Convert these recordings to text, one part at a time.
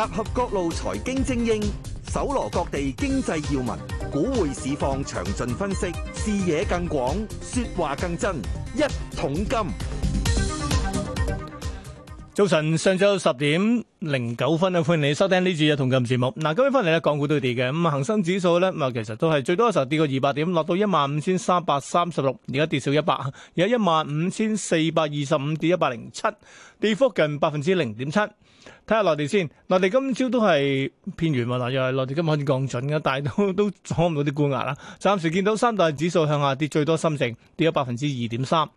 集合各路財經精英，搜羅各地經濟要聞，股匯市況詳盡分析，視野更廣，說話更真，一桶金。早晨，上晝十點零九分啊！歡迎你收聽呢節一桶金節目。嗱，今日翻嚟咧，港股都跌嘅，咁恒生指數咧，咁啊，其實都係最多嘅時候跌過二百點，落到一萬五千三百三十六，而家跌少一百，而家一萬五千四百二十五跌一百零七，跌幅近百分之零點七。睇下內地先，內地今朝都係偏弱喎，又係內，內地今日開始降準嘅，但係都都阻唔到啲沽壓啦。暫時見到三大指數向下跌，最多深成跌咗百分之二點三。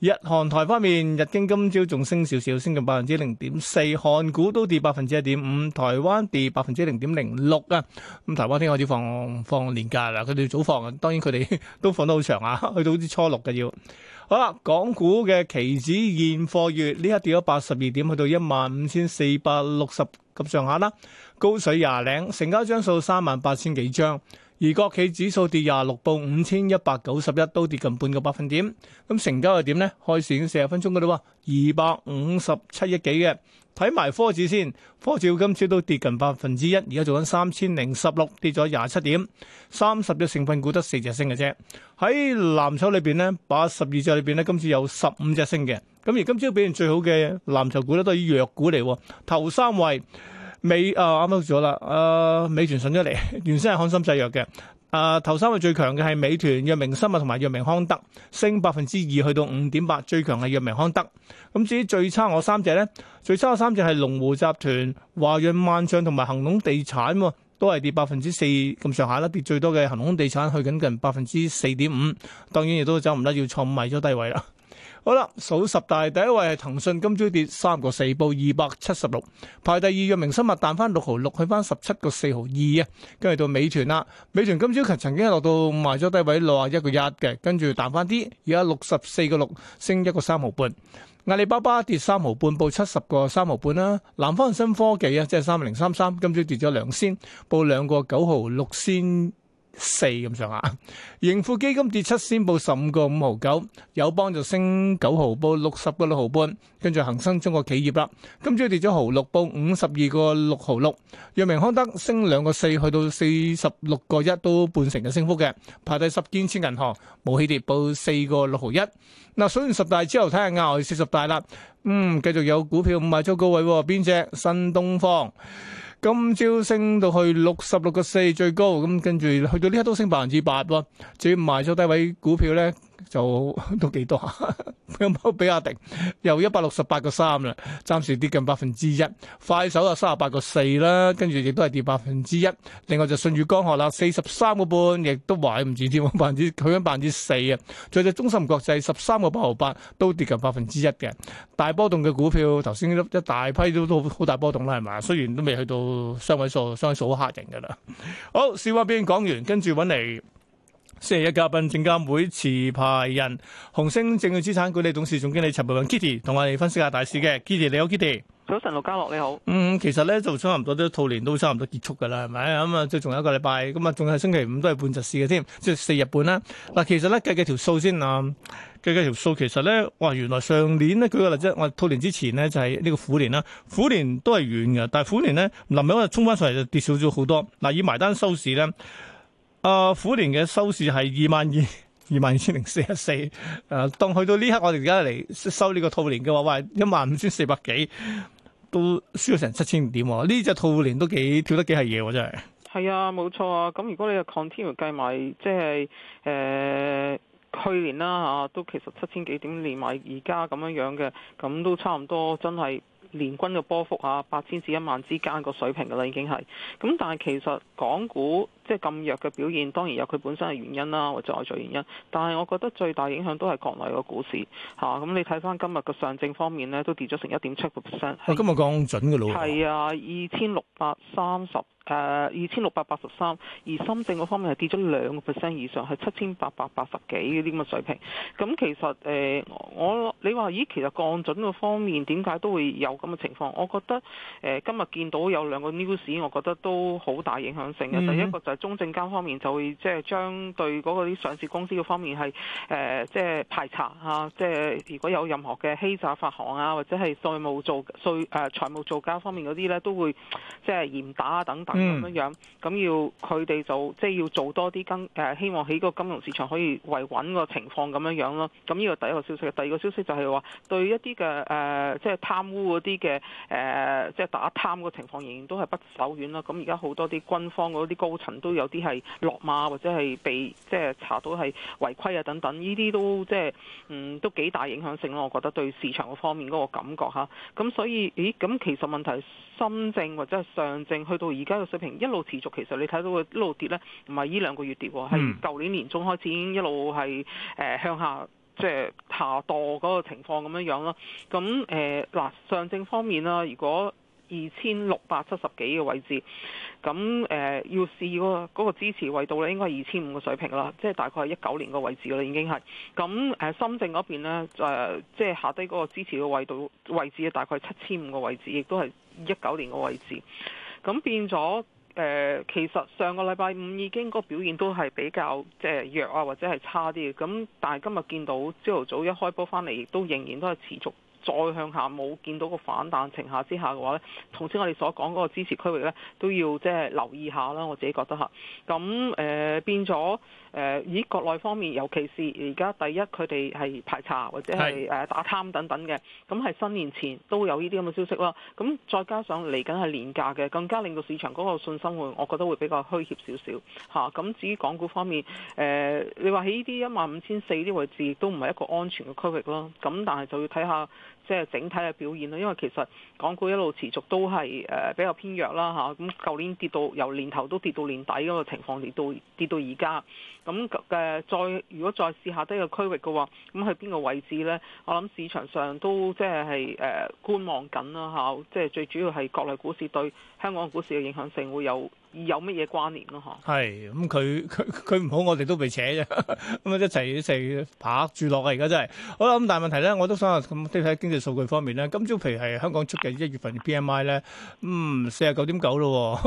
日、韓、台方面，日經今朝仲升少少，升近百分之零點四，韓股都跌百分之一點五，台灣跌百分之零點零六啊！咁台灣聽開始放放年假啦，佢哋早放，當然佢哋都放得好長啊，去到好似初六嘅要。好啦，港股嘅期指現貨月呢一刻跌咗八十二點，去到一萬五千四百六十，咁上下啦，高水廿零，成交張數三萬八千幾張，而國企指數跌廿六，報五千一百九十一，都跌近半個百分點。咁成交又點咧？開市已經四十分鐘嘅咯，二百五十七億幾嘅。睇埋科指先，科指今朝都跌近百分之一，而家做緊三千零十六，跌咗廿七點。三十隻成分股得四隻升嘅啫。喺藍籌裏邊咧，八十二隻裏邊咧，今朝有十五隻升嘅。咁而今朝表現最好嘅藍籌股咧，都係啲弱股嚟。頭三位美啊，啱啱講咗啦，啊、呃、美團上咗嚟，原先係翰森製藥嘅。啊、呃、頭三位最強嘅係美團、藥明生物同埋藥明康德，升百分之二去到五點八，最強係藥明康德。咁至於最差我三隻咧，最差我三隻係龍湖集團、華潤萬象同埋恒隆地產喎，都係跌百分之四咁上下啦，跌最多嘅恒隆地產去緊近百分之四點五，當然亦都走唔甩，要創埋咗低位啦。好啦，數十大，第一位係騰訊，今朝跌三個四，報二百七十六，排第二，藥明生物彈翻六毫六，去翻十七個四毫二啊，跟住到美團啦，美團今朝曾經落到賣咗低位六啊一個一嘅，跟住彈翻啲，而家六十四個六，升一個三毫半，阿里巴巴跌三毫半，報七十個三毫半啦，南方新科技啊，即係三零三三，今朝跌咗兩仙，報兩個九毫六仙。四咁上下，盈富基金跌七仙，報十五個五毫九，友邦就升九毫報六十個六毫半，跟住恒生中國企業啦，今朝跌咗毫六報五十二個六毫六，藥明康德升兩個四去到四十六個一，都半成嘅升幅嘅，排第十建設銀行無起跌報四個六毫一。嗱，數完十大之後睇下亞外四十大啦，嗯，繼續有股票唔係咗高位，邊、哦、隻新東方？今朝升到去六十六個四最高，咁跟住去到呢一刻都升百分之八喎，至於賣咗低位股票咧。就都幾多？比亞迪，又一百六十八個三啦，暫時跌近百分之一。快手啊，三十八個四啦，跟住亦都係跌百分之一。另外就舜宇光學啦，四十三個半，亦都壞唔止啲，百分之佢響百分之四啊。最就中芯國際十三個八毫八，都跌近百分之一嘅大波動嘅股票。頭先一大批都都好大波動啦，係嘛？雖然都未去到雙位數，雙位數好嚇人㗎啦。好，笑話邊講完，跟住揾嚟。星期一嘉賓，證監會持牌人、紅星證券資產管理董事總經理陳蓓敏 Kitty，同我哋分析下大市嘅。Kitty 你好，Kitty。早晨，陸家樂你好。你好嗯，其實咧就差唔多都兔年都差唔多結束噶啦，係咪？咁、嗯、啊，最仲有一個禮拜，咁啊，仲係星期五都係半日市嘅添，即、嗯、係四日半啦。嗱，其實咧計計條數先啊，計計條數，其實咧哇，原來上年咧舉個例子，我兔年之前呢，就係、是、呢個虎年啦，虎年都係軟嘅，但係虎年呢，臨尾啊衝翻上嚟就跌少咗好多。嗱，以埋單收市咧。呢呢呢呢呢呢呢呢啊，虎、uh，年嘅收市係二萬二二萬二千零四一四。誒，當去到呢刻，我哋而家嚟收呢個兔年嘅話，喂，一萬五千四百幾都輸咗成七千點。呢隻兔年都幾跳得幾係嘢，真係。係啊，冇錯啊。咁如果你又 continue 計埋，即係誒去年啦、啊、吓、啊，都其實七千幾點連埋而家咁樣樣嘅，咁都差唔多，真係。年均嘅波幅啊，八千至一萬之間個水平㗎啦，已經係咁。但係其實港股即係咁弱嘅表現，當然有佢本身嘅原因啦，或者外在原因。但係我覺得最大影響都係國內個股市吓。咁，啊，你睇翻今日個上證方面咧，都跌咗成一點七個 percent。今日降準嘅咯，係啊，二千六百三十。誒二千六百八十三，uh, 83，而深圳嗰方面係跌咗兩個 percent 以上，係七千八百八十幾呢啲咁嘅水平。咁其實誒、呃、我你話咦，其實降準嘅方面點解都會有咁嘅情況，我覺得誒、呃、今日見到有兩個 news，我覺得都好大影響性嘅。Mm hmm. 第一個就係中證監方面就會即係將對嗰個啲上市公司嘅方面係誒即係排查吓，即、啊、係、就是、如果有任何嘅欺詐發行啊，或者係稅務做稅誒財務造假方面嗰啲咧，都會即係嚴打啊等等。咁樣、嗯、樣，咁要佢哋就即係要做多啲金，誒希望喺個金融市場可以維穩個情況咁樣樣咯。咁呢個第一個消息，第二個消息就係話對一啲嘅誒，即係貪污嗰啲嘅誒，即係打貪個情況仍然都係不手軟啦。咁而家好多啲軍方嗰啲高層都有啲係落馬或者係被即係查到係違規啊等等，呢啲都即係嗯都幾大影響性咯。我覺得對市場個方面嗰個感覺嚇，咁所以咦咁其實問題深圳或者係上證去到而家。水平一路持續，其實你睇到佢一路跌咧，唔係依兩個月跌，係舊年年中開始已經一路係誒、呃、向下，即、就、係、是、下墮嗰個情況咁樣樣啦。咁誒嗱，上證方面啦，如果二千六百七十幾嘅位置，咁誒、呃、要試嗰、嗰個嗰個支持位度咧，應該係二千五嘅水平啦，即係大概係一九年嘅位置啦，已經係。咁誒、呃、深證嗰邊咧，誒、呃、即係下低嗰個支持嘅位度位置咧，大概係七千五嘅位置，亦都係一九年嘅位置。咁變咗，誒、呃，其實上個禮拜五已經個表現都係比較即係弱啊，或者係差啲嘅。咁但係今日見到朝頭早一開波返嚟，亦都仍然都係持續。再向下冇見到個反彈情下之下嘅話呢，同時我哋所講嗰個支持區域呢，都要即係留意下啦，我自己覺得嚇。咁誒、呃、變咗誒咦國內方面，尤其是而家第一佢哋係排查或者係誒打貪等等嘅，咁係新年前都有呢啲咁嘅消息啦。咁再加上嚟緊係年假嘅，更加令到市場嗰個信心會，我覺得會比較虛怯少少嚇。咁、啊、至於港股方面，誒、呃、你話喺呢啲一萬五千四呢位置，都唔係一個安全嘅區域咯。咁但係就要睇下。即係整體嘅表現咯，因為其實港股一路持續都係誒比較偏弱啦嚇，咁舊年跌到由年頭都跌到年底嗰個情況，跌到跌到而家，咁誒再如果再試下低嗰區域嘅話，咁去邊個位置呢？我諗市場上都即係係誒觀望緊啦嚇，即係最主要係國內股市對香港股市嘅影響性會有。有乜嘢關聯咯？嚇，係咁佢佢佢唔好，我哋都被扯啫。咁啊一齊一齊拍住落啊！而家真係好啦。咁但係問題咧，我都想咁睇下經濟數據方面咧。今朝譬如係香港出嘅一月份嘅 PMI 咧，嗯四十九點九咯，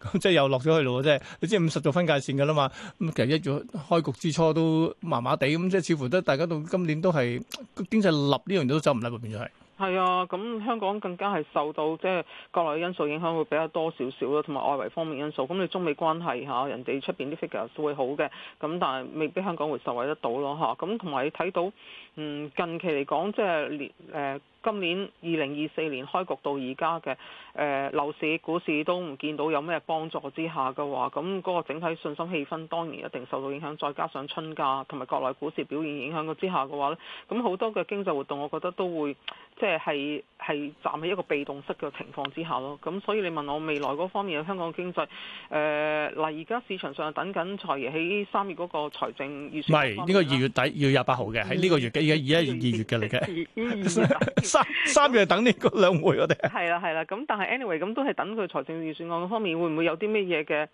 咁即係又落咗去咯，即係。你知五十度分界線㗎啦嘛？咁其實一早開局之初都麻麻地咁，即係似乎都大家到今年都係經濟立呢樣嘢都走唔甩㗎變咗係。係啊，咁香港更加係受到即係、就是、國內因素影響，會比較多少少咯，同埋外圍方面因素。咁你中美關係吓，人哋出邊啲 figure 會好嘅，咁但係未必香港會受惠得到咯吓，咁同埋你睇到，嗯近期嚟講，即係連誒。呃今年二零二四年開局到而家嘅誒樓市股市都唔見到有咩幫助之下嘅話，咁嗰個整體信心氣氛當然一定受到影響。再加上春假同埋國內股市表現影響之下嘅話咧，咁好多嘅經濟活動，我覺得都會即係係係站喺一個被動式嘅情況之下咯。咁所以你問我未來嗰方面嘅香港經濟誒嗱，而家市場上等緊財爺喺三月嗰個財政預算，唔係呢個二月底二月廿八號嘅喺呢個月嘅而家二月二月嘅嚟嘅。 三三月等呢個兩會，我哋係啦係啦，咁、啊、但係 anyway 咁都係等佢財政預算案方面，會唔會有啲咩嘢嘅，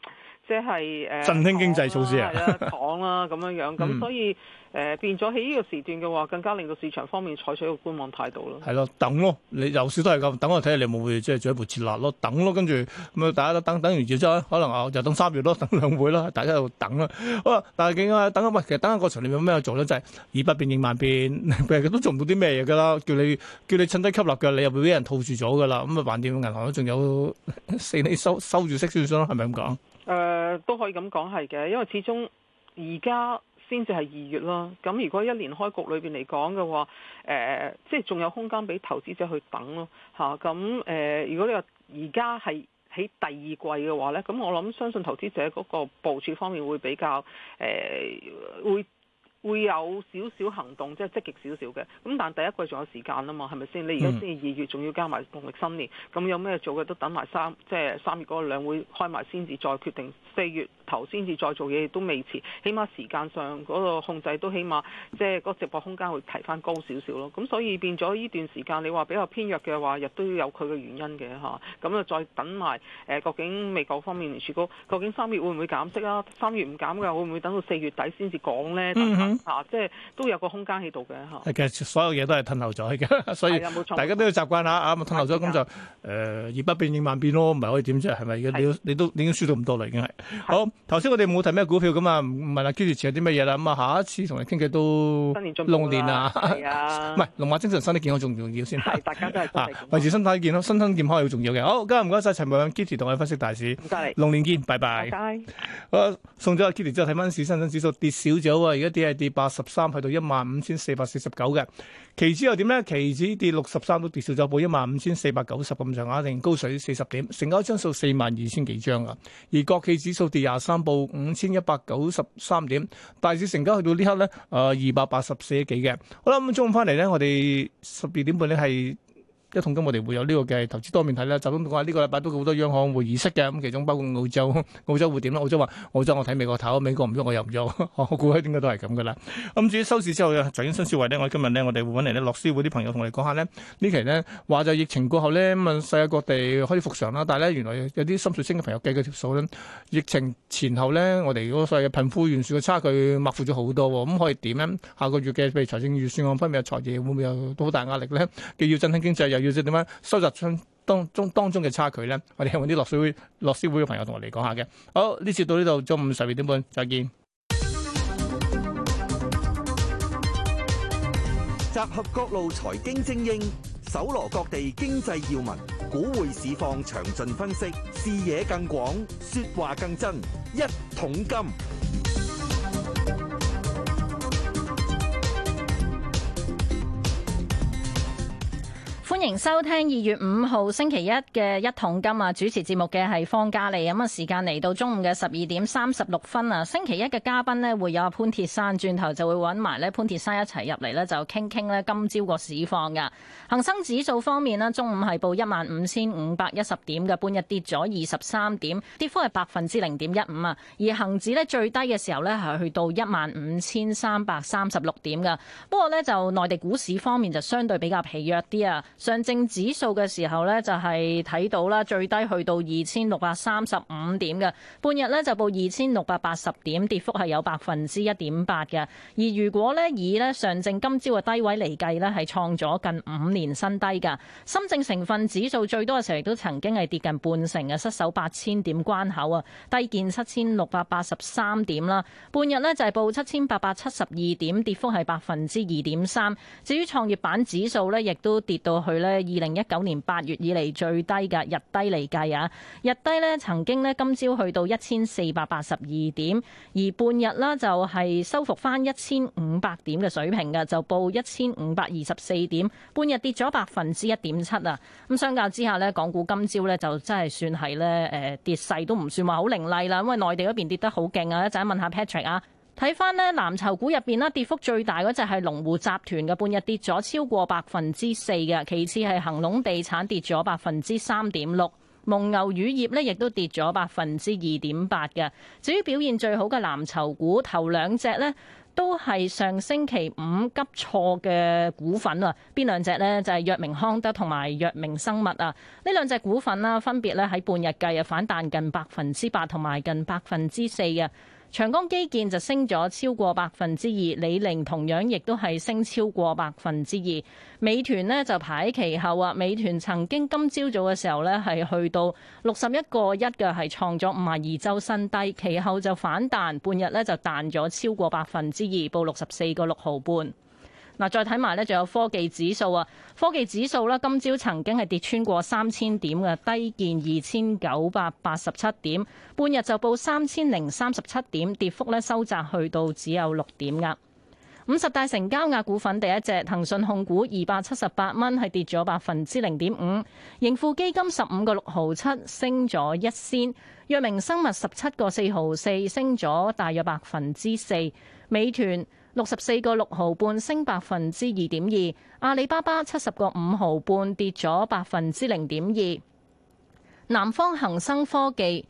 即係誒振興經濟措施啊，講啦咁樣樣，咁、 嗯、所以。誒、呃，變咗喺呢個時段嘅話，更加令到市場方面採取一個觀望態度咯。係咯，等咯，你牛市都係咁，等我睇下你有冇會即係做一步接力咯，等咯，跟住咁啊，大家都等等完之後，可能我、啊、就等三月咯，等兩會咯，大家喺度等啦。好，但係點啊？等啊，喂，其實等一個長年有咩做咧，就係、是、以不變應萬變，其 都做唔到啲咩嘢噶啦。叫你叫你趁低吸納嘅，你又會俾人套住咗噶啦。咁啊，橫掂銀行都仲有四厘收收住息少少咯，係咪咁講？誒、呃，都可以咁講係嘅，因為始終而家。先至係二月咯，咁如果一年開局裏邊嚟講嘅話，誒、呃，即係仲有空間俾投資者去等咯，嚇、啊，咁、啊、誒，如果你話而家係喺第二季嘅話呢，咁我諗相信投資者嗰個部署方面會比較誒、呃，會會有少少行動，即係積極少少嘅，咁但第一季仲有時間啊嘛，係咪先？你而家先二月，仲要加埋農曆新年，咁有咩做嘅都等埋三，即係三月嗰個兩會開埋先至再決定四月。頭先至再做嘢，亦都未遲，起碼時間上嗰、那個控制都起碼即係、就是、個直播空間會提翻高少少咯。咁、嗯、所以變咗呢段時間，你話比較偏弱嘅話，亦都有佢嘅原因嘅嚇。咁、嗯、啊，再等埋誒、呃，究竟美國方面聯儲局，究竟三月會唔會減息啊？三月唔減嘅，會唔會等到四月底先至講咧？嚇，即係、嗯嗯啊就是、都有個空間喺度嘅嚇。其實所有嘢都係褪後咗嘅，所以大家都要習慣下啊！咪褪後咗咁就誒，以、呃、不變應萬變咯，唔係可以點啫？係咪你的你都，你都你已經輸到咁多啦，已經係好。的頭先我哋冇提咩股票咁啊，唔問啦。Kitty，持有啲乜嘢啦？咁啊，下一次同你傾偈都，新年進龍年啊，係啊，唔係龍馬精神，身體健康重唔重要先？係， 大家都係維持身體健康，身身 健康係好重要嘅。好，今日唔該晒陳蓓敏 Kitty 同我哋分析大市。唔該，龍年見，拜拜。拜，拜，好，送咗 Kitty 之後睇翻市，恒生指數跌少咗啊，而家跌係跌八十三，去到一萬五千四百四十九嘅。期指又點呢？期指跌六十三都跌少咗，報一萬五千四百九十咁上下，定高水四十點。成交張數四萬二千幾張啊。而國企指數跌廿。三部五千一百九十三點，大市成交去到呢刻咧，誒二百八十四億幾嘅。好啦，咁中午翻嚟咧，我哋十二點半咧係。一桶金我哋會有呢、這個嘅投資多面睇啦。就咁講下，呢、這個禮拜都好多央行會議式嘅，咁其中包括澳洲澳洲會點啦？澳洲話澳洲我睇美國頭，美國唔喐我又唔喐， 我估計點解都係咁噶啦。咁至於收市之後嘅財經新思維呢。咧、嗯，我今日呢，我哋會揾嚟呢樂施會啲朋友同我哋講下呢。呢期呢話就疫情過後呢，咁啊世界各地可以復常啦。但係呢，原來有啲心水清嘅朋友計嗰條數呢，疫情前後呢，我哋嗰個所謂貧富懸殊嘅差距擴闊咗好多，咁可以點呢？下個月嘅譬如財政預算案方面嘅財爺會唔會有好大壓力呢？既要振興經濟要知點樣收集中當中當中嘅差距咧，我哋希望啲落水會落市會嘅朋友同我哋講下嘅。好，呢次到呢度，中午十二點半再見。集合各路財經精英，搜羅各地經濟要聞，股匯市況詳盡分析，視野更廣，說話更真，一桶金。歡迎收聽二月五號星期一嘅一桶金啊！主持節目嘅係方嘉莉，咁啊時間嚟到中午嘅十二點三十六分啊！星期一嘅嘉賓咧會有阿潘鐵珊，轉頭就會揾埋咧潘鐵珊一齊入嚟咧就傾傾咧今朝個市況噶。恒生指數方面咧，中午係報一萬五千五百一十點嘅，半日跌咗二十三點，跌幅係百分之零點一五啊！而恒指咧最低嘅時候咧係去到一萬五千三百三十六點噶。不過咧就內地股市方面就相對比較疲弱啲啊。上證指數嘅時候呢，就係睇到啦，最低去到二千六百三十五點嘅，半日呢，就報二千六百八十點，跌幅係有百分之一點八嘅。而如果呢，以呢上證今朝嘅低位嚟計呢，係創咗近五年新低嘅。深證成分指數最多嘅時候亦都曾經係跌近半成嘅，失守八千點關口啊，低見七千六百八十三點啦。半日呢，就係報七千八百七十二點，跌幅係百分之二點三。至於創業板指數呢，亦都跌到去。咧二零一九年八月以嚟最低嘅日低嚟計啊，日低咧曾經咧今朝去到一千四百八十二點，而半日啦就係收復翻一千五百點嘅水平嘅，就報一千五百二十四點，半日跌咗百分之一點七啊。咁相較之下咧，港股今朝咧就真係算係咧誒跌勢都唔算話好凌厲啦，因為內地嗰邊跌得好勁啊。一陣問下 Patrick 啊。睇翻呢藍籌股入邊咧，跌幅最大嗰隻係龍湖集團嘅，半日跌咗超過百分之四嘅。其次係恒隆地產跌咗百分之三點六，蒙牛乳業呢亦都跌咗百分之二點八嘅。至於表現最好嘅藍籌股，頭兩隻呢都係上星期五急挫嘅股份啊。邊兩隻呢？就係藥明康德同埋藥明生物啊。呢兩隻股份啦，分別咧喺半日計啊反彈近百分之八同埋近百分之四嘅。長江基建就升咗超過百分之二，李寧同樣亦都係升超過百分之二。美團呢就排喺其後啊，美團曾經今朝早嘅時候呢係去到六十一個一嘅，係創咗五十二周新低，其後就反彈半日呢就彈咗超過百分之二，報六十四個六毫半。嗱，再睇埋呢，仲有科技指數啊！科技指數咧，今朝曾經係跌穿過三千點嘅低見二千九百八十七點，半日就報三千零三十七點，跌幅咧收窄去到只有六點㗎。五十大成交額股份，第一隻騰訊控股二百七十八蚊，係跌咗百分之零點五。盈富基金十五個六毫七，升咗一仙。藥明生物十七個四毫四，升咗大約百分之四。美團六十四個六毫半，升百分之二點二，阿里巴巴七十個五毫半跌咗百分之零點二，南方恒生科技。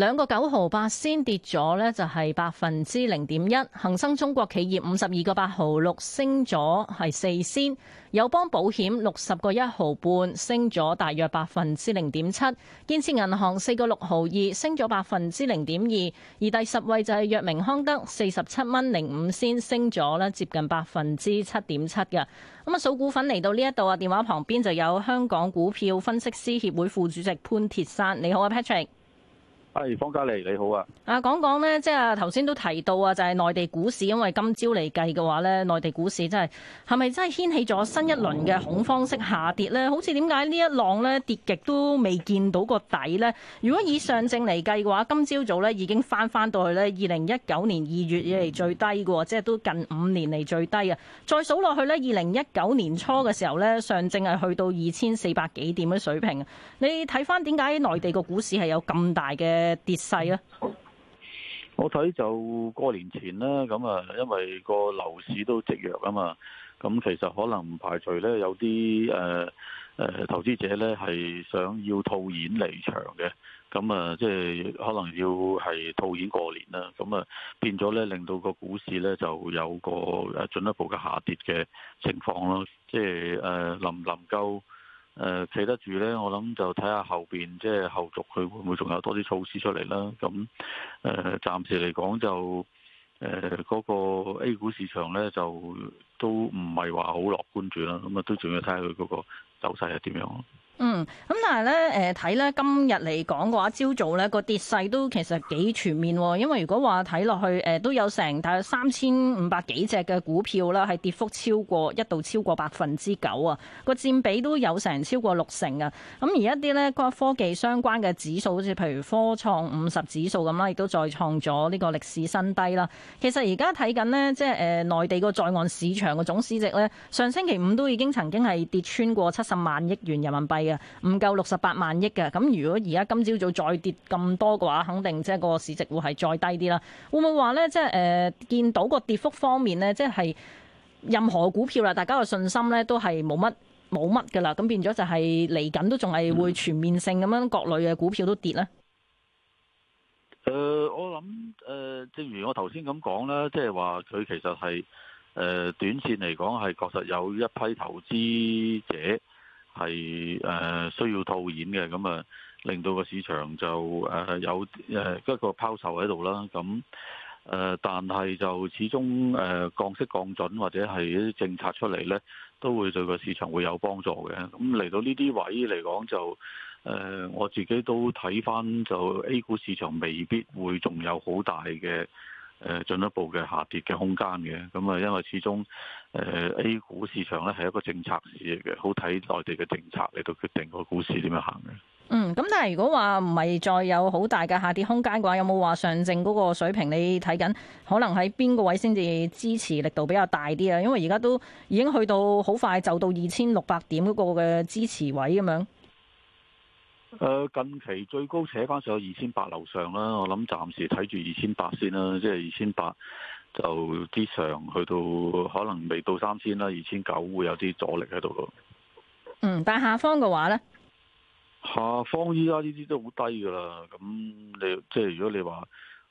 兩個九毫八先跌咗呢就係百分之零點一。恒生中國企業五十二個八毫六升咗，係四先。友邦保險六十個一毫半升咗，大約百分之零點七。建設銀行四個六毫二升咗百分之零點二。而第十位就係藥明康德四十七蚊零五先升咗呢接近百分之七點七嘅。咁啊，數股份嚟到呢一度啊，電話旁邊就有香港股票分析師協會副主席潘鐵珊，你好啊，Patrick。係方嘉莉，你好啊！啊，講講咧，即係頭先都提到啊，就係、是、內地股市，因為今朝嚟計嘅話呢，內地股市真係係咪真係掀起咗新一輪嘅恐慌式下跌呢？好似點解呢一浪呢跌極都未見到個底呢？如果以上證嚟計嘅話，今朝早呢已經翻翻到去呢二零一九年二月以嚟最低嘅，即係都近五年嚟最低啊！再數落去呢，二零一九年初嘅時候呢，上證係去到二千四百幾點嘅水平。你睇翻點解內地個股市係有咁大嘅？嘅跌勢啦，我睇就過年前啦，咁啊，因為個樓市都積弱啊嘛，咁其實可能唔排除呢，有啲誒誒投資者呢係想要套現離場嘅，咁啊，即係可能要係套現過年啦，咁啊變咗呢，令到個股市呢就有個進一步嘅下跌嘅情況咯，即係誒能唔能夠誒，企、呃、得住呢，我諗就睇下後邊即係後續佢會唔會仲有多啲措施出嚟啦。咁誒，暫、呃、時嚟講就誒，嗰、呃、嗰個 A 股市場呢，就都唔係話好樂觀住啦。咁啊，都仲要睇下佢嗰個走勢係點樣咯。嗯，咁但係咧，誒睇咧今日嚟講嘅話，朝早呢個跌勢都其實幾全面喎。因為如果話睇落去，誒、呃、都有成大概三千五百幾隻嘅股票啦，係跌幅超過一度超過百分之九啊，個佔比都有成超過六成啊。咁而一啲呢個科技相關嘅指數，好似譬如科創五十指數咁啦，亦都再創咗呢個歷史新低啦。其實而家睇緊呢，即係誒、呃、內地個在岸市場嘅總市值呢，上星期五都已經曾經係跌穿過七十萬億元人民幣。唔夠六十八萬億嘅，咁如果而家今朝早再跌咁多嘅話，肯定即係個市值會係再低啲啦。會唔會話咧，即係誒見到個跌幅方面咧，即係任何股票啦，大家嘅信心咧都係冇乜冇乜噶啦。咁變咗就係嚟緊都仲係會全面性咁樣各類嘅股票都跌咧？誒，我諗誒，正如我頭先咁講啦，即係話佢其實係誒，短線嚟講係確實有一批投資者。係誒需要套現嘅，咁啊令到個市場就誒有誒一個拋售喺度啦。咁誒，但係就始終誒降息降準或者係一啲政策出嚟呢，都會對個市場會有幫助嘅。咁嚟到呢啲位嚟講，就誒我自己都睇返，就 A 股市場未必會仲有好大嘅。誒，進一步嘅下跌嘅空間嘅，咁啊，因為始終誒 A 股市場咧係一個政策市嚟嘅，好睇內地嘅政策嚟到決定個股市點樣行嘅。嗯，咁但係如果話唔係再有好大嘅下跌空間嘅話，有冇話上證嗰個水平？你睇緊可能喺邊個位先至支持力度比較大啲啊？因為而家都已經去到好快就到二千六百點嗰個嘅支持位咁樣。誒，近期最高扯翻上去二千八樓上啦，我諗暫時睇住二千八先啦，即係二千八就之上，去到可能未到三千啦，二千九會有啲阻力喺度咯。嗯，但下方嘅話呢，下方依家呢啲都好低噶啦，咁你即係如果你話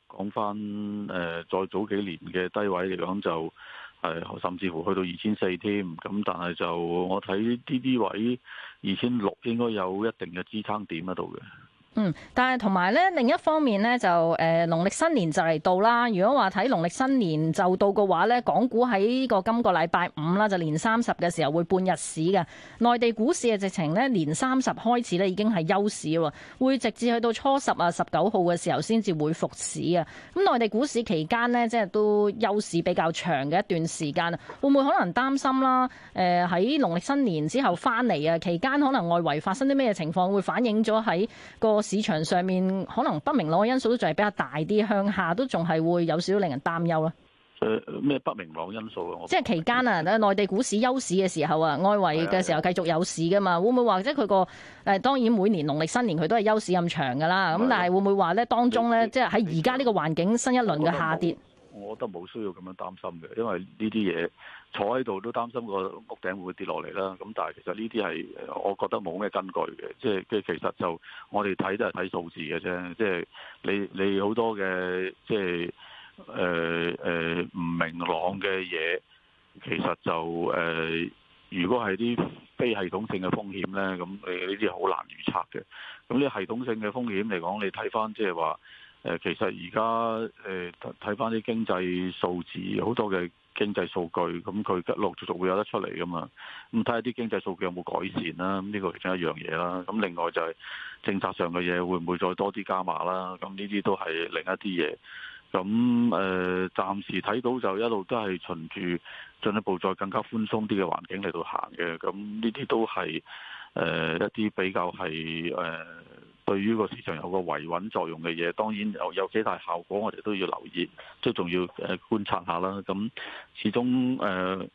講翻誒，再早幾年嘅低位嚟講就。係、哎，甚至乎去到二千四添，咁但係就我睇呢啲位二千六應該有一定嘅支撐點喺度嘅。嗯，但係同埋咧，另一方面咧，就誒，農曆新年就嚟到啦。如果話睇農曆新年就到嘅話咧，港股喺呢個今個禮拜五啦，就年三十嘅時候會半日市嘅。內地股市嘅直情咧，年三十開始咧已經係休市嘅，會直至去到初十啊、十九號嘅時候先至會復市啊。咁內地股市期間咧，即係都休市比較長嘅一段時間啊。會唔會可能擔心啦？誒、呃，喺農曆新年之後翻嚟啊，期間可能外圍發生啲咩情況，會反映咗喺個。市場上面可能不明朗嘅因素都仲係比較大啲，向下都仲係會有少少令人擔憂咯。誒，咩不明朗因素啊？即係期間啊，內地股市休市嘅時候啊，外圍嘅時候繼續有市噶嘛？的會唔會或者佢個誒，當然每年農曆新年佢都係休市咁長噶啦。咁的但係會唔會話咧？當中咧，即係喺而家呢個環境新一輪嘅下跌我，我覺得冇需要咁樣擔心嘅，因為呢啲嘢。坐喺度都擔心個屋頂會跌落嚟啦，咁但係其實呢啲係我覺得冇咩根據嘅，即係即係其實就我哋睇都係睇數字嘅啫，即係你你好多嘅即係誒誒唔明朗嘅嘢，其實就誒、呃、如果係啲非系統性嘅風險咧，咁誒呢啲係好難預測嘅。咁呢系統性嘅風險嚟講，你睇翻即係話誒，其實而家誒睇翻啲經濟數字好多嘅。經濟數據咁佢陸陸續續會有得出嚟噶嘛，咁睇下啲經濟數據有冇改善啦，呢個其中一樣嘢啦。咁另外就係政策上嘅嘢，會唔會再多啲加碼啦？咁呢啲都係另一啲嘢。咁誒、呃，暫時睇到就一路都係循住進一步再更加寬鬆啲嘅環境嚟到行嘅。咁呢啲都係誒、呃、一啲比較係誒。呃對於個市場有個維穩作用嘅嘢，當然有有幾大效果，我哋都要留意，即仲要誒觀察下啦。咁始終誒、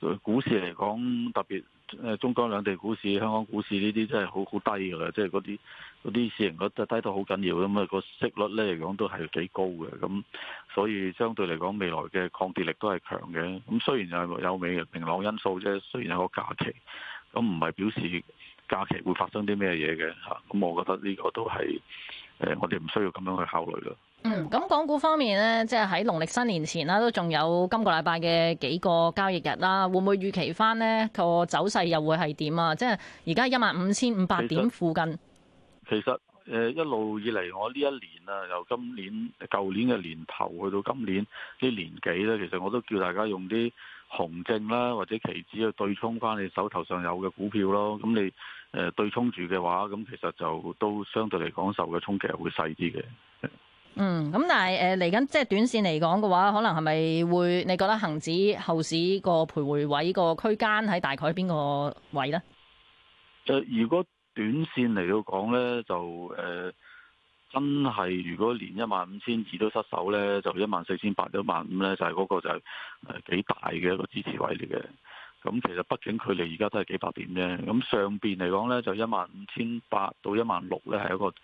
呃、股市嚟講，特別誒中港兩地股市、香港股市呢啲真係好好低㗎啦，即係嗰啲啲市盈率低到好緊要咁啊！個息率呢嚟講都係幾高嘅，咁所以相對嚟講未來嘅抗跌力都係強嘅。咁雖然係有美嘅明朗因素啫，雖然有個假期，咁唔係表示。假期會發生啲咩嘢嘅嚇，咁我覺得呢個都係誒、呃，我哋唔需要咁樣去考慮咯。嗯，咁港股方面呢，即係喺農曆新年前啦，都仲有今個禮拜嘅幾個交易日啦，會唔會預期翻呢個走勢又會係點啊？即係而家一萬五千五百點附近。其實誒一路以嚟，我呢一年啊，由今年舊年嘅年頭去到今年啲年幾咧，其實我都叫大家用啲熊證啦或者期指去對沖翻你手頭上有嘅股票咯，咁你。誒對沖住嘅話，咁其實就都相對嚟講受嘅衝擊係會細啲嘅。嗯，咁但係誒嚟緊即係短線嚟講嘅話，可能係咪會？你覺得恒指後市個徘徊位個區間喺大概邊個位呢？如果短線嚟到講呢，就誒、呃、真係如果連一萬五千二都失守呢，就一萬四千八、一萬五呢，就係嗰個就係誒幾大嘅一個支持位嚟嘅。咁其實畢竟距離而家都係幾百點啫，咁上邊嚟講呢，就一萬五千八到一萬六呢，係一個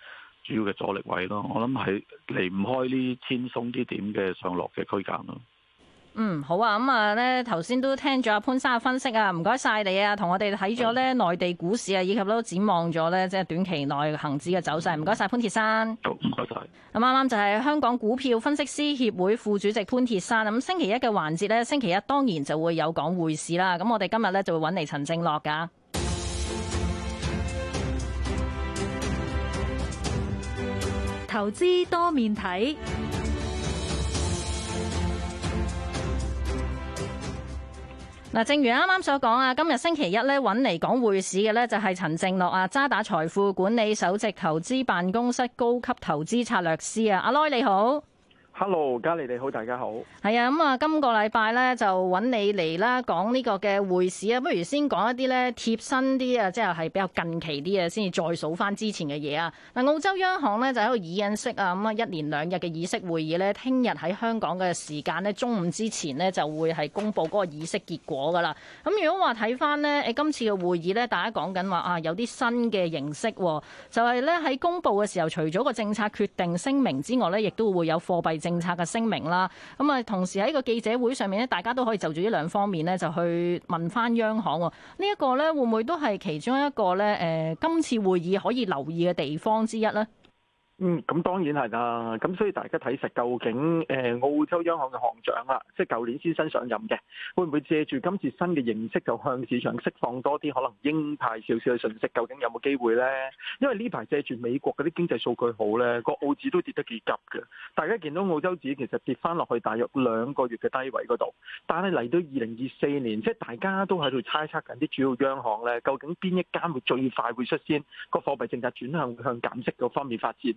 主要嘅阻力位咯。我諗係離唔開呢千鬆啲點嘅上落嘅區間咯。嗯，好啊，咁啊咧，頭先都聽咗阿潘生嘅分析啊，唔該晒你啊，同我哋睇咗咧內地股市啊，以及都展望咗咧即係短期內恒指嘅走勢，唔該晒潘鐵珊。好，唔該晒。咁啱啱就係香港股票分析師協會副主席潘鐵珊。咁、嗯、星期一嘅環節咧，星期一當然就會有講匯市啦。咁我哋今日咧就會揾嚟陳正犖噶，投資多面睇。正如啱啱所講，今日星期一咧揾嚟講匯市嘅就係陳正犖啊，渣打財富管理首席投資辦公室高級投資策略師，阿 Lo 你好。hello，嘉莉，你好，大家好。係啊，咁啊，今個禮拜咧就揾你嚟啦，講呢個嘅匯市啊，不如先講一啲咧貼身啲啊，即係係比較近期啲嘅，先至再數翻之前嘅嘢啊。嗱，澳洲央行咧就喺度議息啊，咁啊，一連兩日嘅議息會議咧，聽日喺香港嘅時間呢，中午之前呢，就會係公布嗰個議息結果噶啦。咁如果話睇翻呢，誒今次嘅會議呢，大家講緊話啊有啲新嘅形式，就係咧喺公布嘅時候，除咗個政策決定聲明之外呢，亦都會有貨幣政策嘅聲明啦，咁啊，同時喺個記者會上面咧，大家都可以就住呢兩方面咧，就去問翻央行呢一個咧，會唔會都係其中一個咧？誒、呃，今次會議可以留意嘅地方之一咧？嗯，咁當然係啦。咁所以大家睇實究竟，誒、呃、澳洲央行嘅行長啦，即係舊年先新上任嘅，會唔會借住今次新嘅形勢，就向市場釋放多啲可能鷹派少少嘅信息？究竟有冇機會呢？因為呢排借住美國嗰啲經濟數據好呢，個澳紙都跌得幾急嘅。大家見到澳洲紙其實跌翻落去，大約兩個月嘅低位嗰度。但係嚟到二零二四年，即係大家都喺度猜測緊啲主要央行呢，究竟邊一間會最快會率先個貨幣政策轉向向減息嗰方面發展。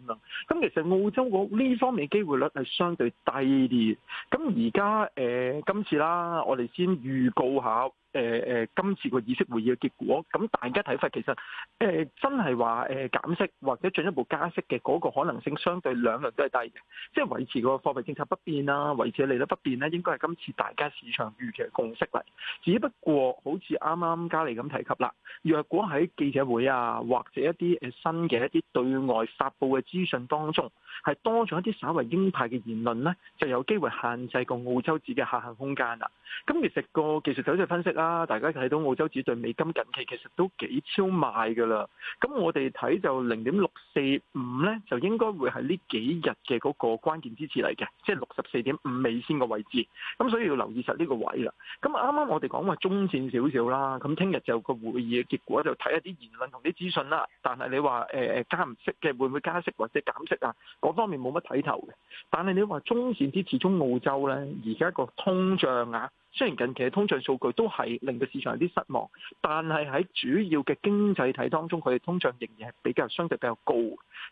咁其實澳洲個呢方面機會率係相對低啲，咁而家誒，今次啦，我哋先預告下。誒誒，今次個議息會議嘅結果，咁大家睇法其實誒、呃、真係話誒減息或者進一步加息嘅嗰、那個可能性，相對兩樣都係低嘅，即係維持個貨幣政策不變啦，維持利率不變呢，應該係今次大家市場預期嘅共識嚟。只不過好似啱啱嘉利咁提及啦，若果喺記者會啊，或者一啲誒新嘅一啲對外發佈嘅資訊當中，係多咗一啲稍為鷹派嘅言論呢，就有機會限制個澳洲紙嘅下行空間啦。咁其實個技術走勢分析啊！大家睇到澳洲指對美金近期其實都幾超賣嘅啦。咁我哋睇就零點六四五咧，就應該會係呢幾日嘅嗰個關鍵支持嚟嘅，即係六十四點五美仙個位置。咁所以要留意實呢個位啦。咁啱啱我哋講話中線少少啦。咁聽日就個會議嘅結果就睇下啲言論同啲資訊啦。但係你話誒、呃、加唔加息嘅，會唔會加息或者減息啊？嗰方面冇乜睇頭嘅。但係你話中線始終澳洲咧，而家個通脹啊～雖然近期嘅通脹數據都係令到市場有啲失望，但係喺主要嘅經濟體當中，佢哋通脹仍然係比較相對比較高，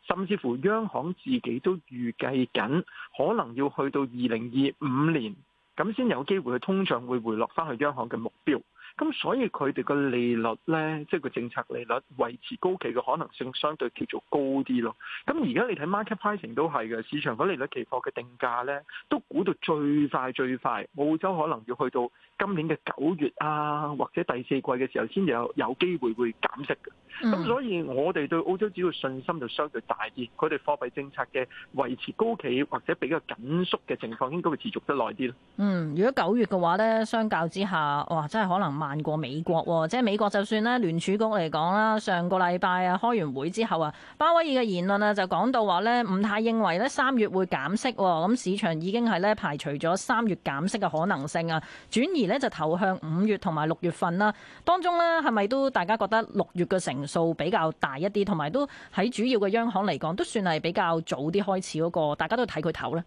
甚至乎央行自己都預計緊，可能要去到二零二五年咁先有機會，佢通脹會回落翻去央行嘅目標。咁所以佢哋個利率咧，即係個政策利率維持高企嘅可能性，相對叫做高啲咯。咁而家你睇 market pricing 都係嘅，市場個利率期貨嘅定價咧，都估到最快最快，澳洲可能要去到今年嘅九月啊，或者第四季嘅時候先有有機會會減息嘅。咁、嗯、所以我哋對澳洲只要信心就相對大啲，佢哋貨幣政策嘅維持高企或者比較緊縮嘅情況應該會持續得耐啲咯。嗯，如果九月嘅話咧，相較之下，哇，真係可能。慢過美國，即係美國就算咧聯儲局嚟講啦，上個禮拜啊開完會之後啊，鮑威爾嘅言論啊就講到話呢，唔太認為呢三月會減息，咁市場已經係咧排除咗三月減息嘅可能性啊，轉移呢就投向五月同埋六月份啦。當中呢，係咪都大家覺得六月嘅成數比較大一啲，同埋都喺主要嘅央行嚟講都算係比較早啲開始嗰個，大家都睇佢頭咧。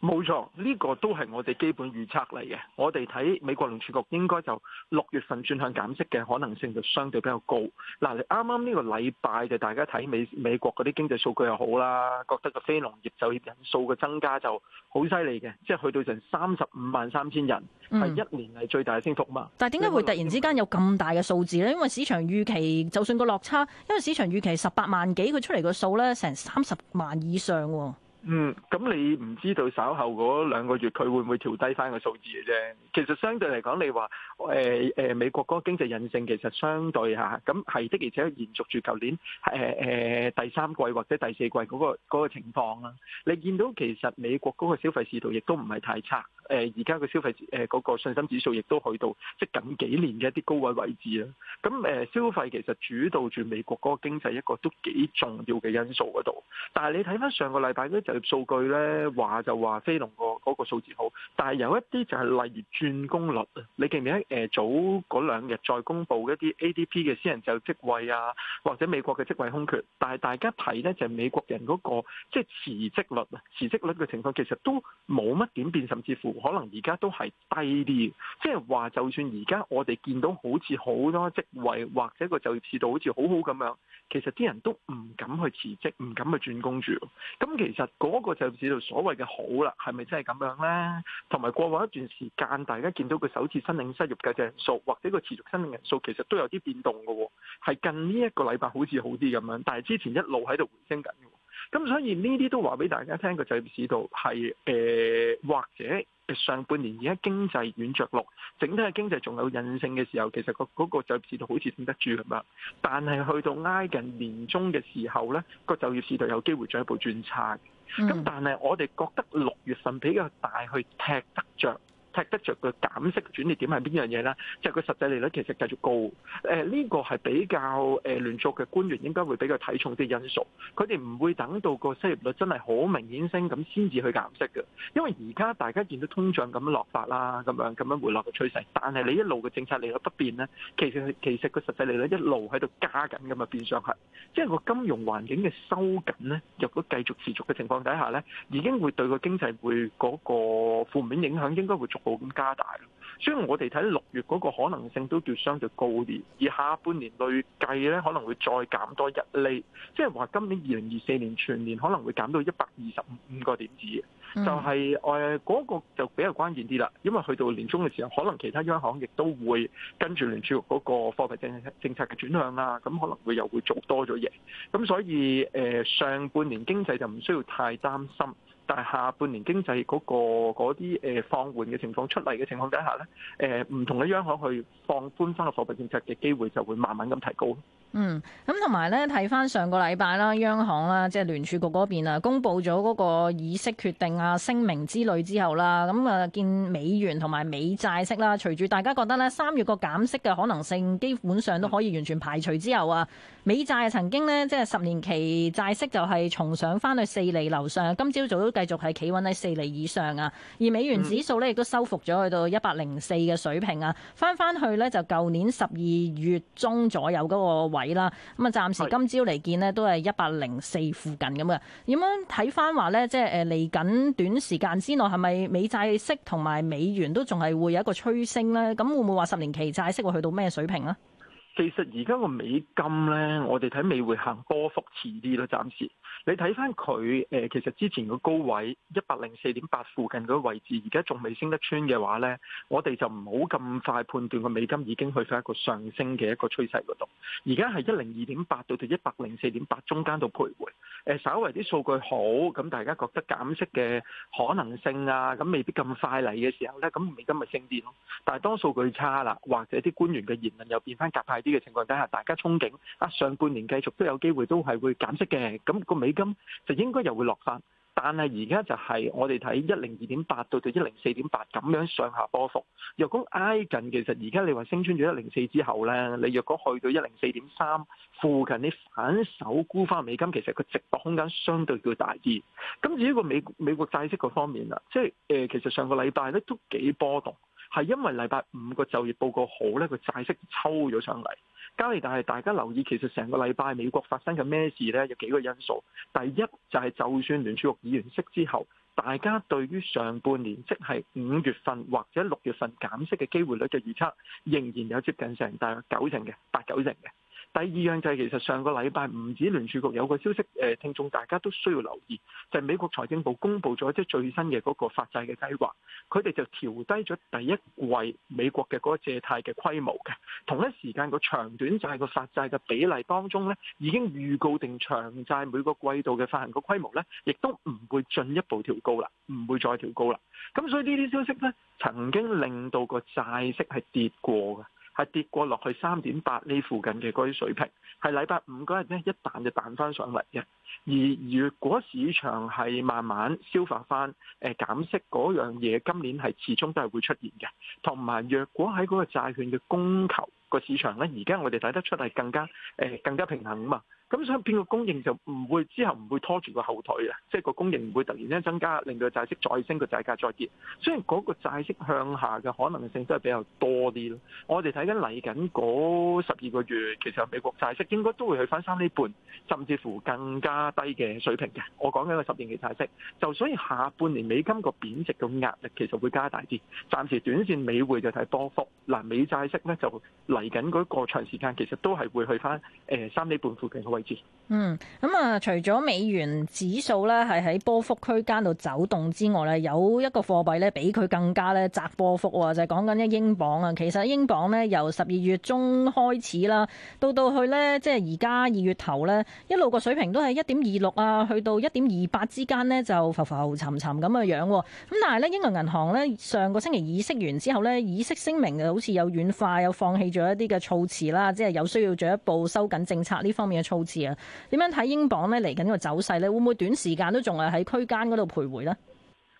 冇錯，呢、這個都係我哋基本預測嚟嘅。我哋睇美國農業局應該就六月份轉向減息嘅可能性就相對比較高。嗱，啱啱呢個禮拜就大家睇美美國嗰啲經濟數據又好啦，覺得個非農業就業人數嘅增加就好犀利嘅，即係去到成三十五萬三千人，係、嗯、一年係最大嘅升幅嘛。但係點解會突然之間有咁大嘅數字咧？因為市場預期就算個落差，因為市場預期十八萬幾，佢出嚟個數咧成三十萬以上喎。嗯，咁你唔知道稍後嗰兩個月佢會唔會調低翻個數字嘅啫。其實相對嚟講，你話誒誒美國嗰個經濟韌性其實相對吓，咁係的而且係延續住舊年誒誒、呃呃、第三季或者第四季嗰、嗰個那個情況啊。你見到其實美國嗰個消費市道亦都唔係太差，誒而家嘅消費誒嗰個信心指數亦都去到即係近幾年嘅一啲高位位置啦。咁誒、呃、消費其實主導住美國嗰個經濟一個都幾重要嘅因素嗰度。但係你睇翻上個禮拜數據呢，咧話就話非農嗰個數字好，但係有一啲就係例如轉工率啊，你記唔記得誒？早嗰兩日再公布一啲 ADP 嘅私人就職位啊，或者美國嘅職位空缺，但係大家睇呢，就係美國人嗰個即係辭職率啊，辭職率嘅情況其實都冇乜點變，甚至乎可能而家都係低啲。即係話就算而家我哋見到好似好多職位或者個就業市道好似好好咁樣，其實啲人都唔敢去辭職，唔敢去轉工住。咁其實嗰個就業市道所謂嘅好啦，係咪真係咁樣咧，同埋過往一段時間，大家見到佢首次申領失業救濟人數，或者佢持續申領人數，其實都有啲變動嘅喎，係近呢一個禮拜好似好啲咁樣，但係之前一路喺度回升緊。咁所以呢啲都話俾大家聽，個就業市道係誒、呃，或者上半年而家經濟軟着陸，整體嘅經濟仲有韌性嘅時候，其實個嗰個就業市道好似頂得住咁樣。但係去到挨近年中嘅時候咧，個就業市道有機會進一步轉差。咁、嗯、但係我哋覺得六月份比較大去踢得着。踢得着嘅減息轉捩點係邊樣嘢咧？就係、是、個實際利率其實繼續高，誒、呃、呢、這個係比較誒聯儲嘅官員應該會比較睇重啲因素。佢哋唔會等到個失業率真係好明顯升咁先至去減息嘅，因為而家大家見到通脹咁樣落發啦，咁樣咁樣回落嘅趨勢。但係你一路嘅政策利率不變咧，其實其實個實際利率一路喺度加緊咁啊變上去，即、就、係、是、個金融環境嘅收緊咧。如果繼續持續嘅情況底下咧，已經會對個經濟會嗰個負面影響應該會逐步。冇咁加大，所以我哋睇六月嗰個可能性都叫相對高啲，而下半年累計咧可能會再減多一厘，即係話今年二零二四年全年可能會減到一百二十五個點子，就係誒嗰個就比較關鍵啲啦，因為去到年中嘅時候，可能其他央行亦都會跟住聯儲局嗰個貨幣政策政策嘅轉向啦，咁可能會又會做多咗嘢，咁所以誒上半年經濟就唔需要太擔心。但係下半年經濟嗰、那個嗰啲誒放緩嘅情況出嚟嘅情況底下咧，誒、呃、唔同嘅央行去放寬翻個貨幣政策嘅機會就會慢慢咁提高。嗯，咁同埋咧睇翻上個禮拜啦，央行啦，即係聯儲局嗰邊啊，公布咗嗰個議息決定啊、聲明之類之後啦，咁啊見美元同埋美債息啦，隨住大家覺得呢三月個減息嘅可能性基本上都可以完全排除之後啊，美債曾經呢，即係十年期債息就係重上翻去四厘樓上，今朝早都繼續係企穩喺四厘以上啊，而美元指數呢，亦都收復咗去到一百零四嘅水平啊，翻翻去呢，就舊年十二月中左右嗰個底啦，咁啊，暫時今朝嚟見呢都係一百零四附近咁啊。點樣睇翻話咧，即係誒嚟緊短時間之內係咪美債息同埋美元都仲係會有一個催升咧？咁會唔會話十年期債息會去到咩水平咧？其實而家個美金咧，我哋睇未會行波幅遲啲咯，暫時。你睇翻佢誒，其實之前個高位一百零四點八附近嗰個位置，而家仲未升得穿嘅話呢，我哋就唔好咁快判斷個美金已經去翻一個上升嘅一個趨勢嗰度。而家係一零二點八到到一百零四點八中間度徘徊。誒，稍為啲數據好，咁大家覺得減息嘅可能性啊，咁未必咁快嚟嘅時候呢，咁美金咪升啲咯。但係當數據差啦，或者啲官員嘅言論又變翻鴿派啲嘅情況底下，大家憧憬啊，上半年繼續都有機會都係會減息嘅，咁個美。美金就應該又會落翻，但係而家就係我哋睇一零二點八到到一零四點八咁樣上下波幅。若果挨近，其實而家你話升穿咗一零四之後咧，你若果去到一零四點三附近，你反手沽翻美金，其實個直落空間相對叫大啲。跟住呢個美國美國債息嗰方面啦，即係誒、呃，其實上個禮拜咧都幾波動，係因為禮拜五個就業報告好咧，個債息抽咗上嚟。但係大家留意，其實成個禮拜美國發生緊咩事呢？有幾個因素。第一就係、是，就算聯儲局議員息之後，大家對於上半年即係五月份或者六月份減息嘅機會率嘅預測，仍然有接近成大約九成嘅八九成嘅。第二樣就係其實上個禮拜唔止聯儲局有個消息，誒、呃，聽眾大家都需要留意，就係、是、美國財政部公布咗即係最新嘅嗰個發債嘅計劃，佢哋就調低咗第一季美國嘅嗰個借貸嘅規模嘅。同一時間，個長短債個發債嘅比例當中咧，已經預告定長債每個季度嘅發行個規模咧，亦都唔會進一步調高啦，唔會再調高啦。咁所以呢啲消息咧，曾經令到個債息係跌過嘅。係跌過落去三點八呢附近嘅嗰啲水平，係禮拜五嗰日咧一彈就彈翻上嚟嘅。而如果市場係慢慢消化翻，誒減息嗰樣嘢，今年係始終都係會出現嘅。同埋若果喺嗰個債券嘅供求個市場咧，而家我哋睇得出係更加誒更加平衡啊嘛。咁所以變個供應就唔會之後唔會拖住個後腿嘅，即係個供應唔會突然之間增加，令到債息再升，個債價再跌。雖然嗰個債息向下嘅可能性都係比較多啲咯。我哋睇緊嚟緊嗰十二個月，其實美國債息應該都會去翻三釐半，甚至乎更加低嘅水平嘅。我講緊個十年期債息，就所以下半年美金個貶值嘅壓力其實會加大啲。暫時短線美匯就睇波幅，嗱美債息咧就嚟緊嗰個長時間，其實都係會去翻誒三釐半附近。嗯，咁啊，除咗美元指數咧，係喺波幅區間度走動之外呢，有一個貨幣呢，比佢更加呢窄波幅喎，就係講緊一英鎊啊。其實英鎊呢，由十二月中開始啦，到到去呢，即係而家二月頭呢，一路個水平都係一點二六啊，去到一點二八之間呢，就浮浮沉沉咁嘅樣。咁但係呢，英國銀行呢，上個星期議息完之後呢，議息聲明又好似有軟化，又放棄咗一啲嘅措辭啦，即係有需要進一步收緊政策呢方面嘅措。點樣睇英鎊咧？嚟緊個走勢咧，會唔會短時間都仲係喺區間嗰度徘徊呢？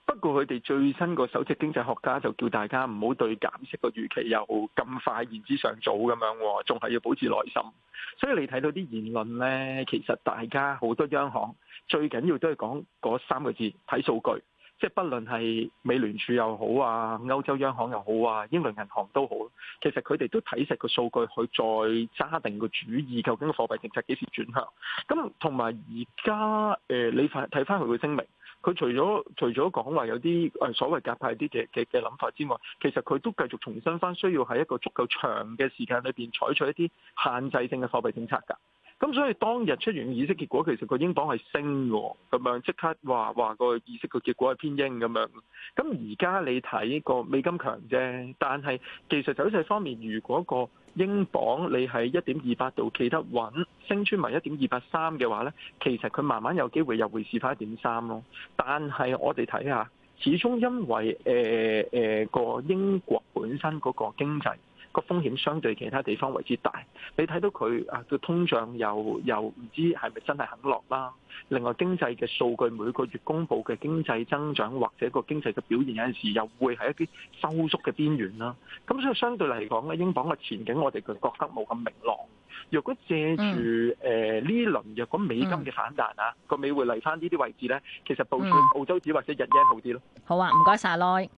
不過佢哋最新個首席經濟學家就叫大家唔好對減息個預期有咁快言之尚早，咁樣，仲係要保持耐心。所以你睇到啲言論咧，其實大家好多央行最緊要都係講嗰三個字：睇數據。即係，不論係美聯儲又好啊，歐洲央行又好啊，英倫銀行都好，其實佢哋都睇實個數據，去再揸定個主意，究竟個貨幣政策幾時轉向？咁同埋而家，誒你睇睇翻佢嘅聲明，佢除咗除咗講話有啲誒所謂夾派啲嘅嘅嘅諗法之外，其實佢都繼續重申翻需要喺一個足夠長嘅時間裏邊採取一啲限制性嘅貨幣政策㗎。咁所以當日出現議息結果，其實個英鎊係升㗎，咁樣即刻話話個議息個結果係偏鷹咁樣。咁而家你睇個美金強啫，但係其實走勢方面，如果個英鎊你喺一點二八度企得穩，升穿埋一點二八三嘅話呢，其實佢慢慢有機會又會試翻一點三咯。但係我哋睇下，始終因為誒誒個英國本身嗰個經濟。個風險相對其他地方為之大，你睇到佢啊個通脹又又唔知係咪真係肯落啦？另外經濟嘅數據每個月公布嘅經濟增長或者個經濟嘅表現有陣時又會喺一啲收縮嘅邊緣啦。咁所以相對嚟講咧，英鎊嘅前景我哋覺得冇咁明朗。若果借住誒呢輪若果美金嘅反彈啊，個、嗯、美匯嚟翻呢啲位置咧，其實部署澳洲紙或者日元好啲咯。好啊，唔該晒，阿耐。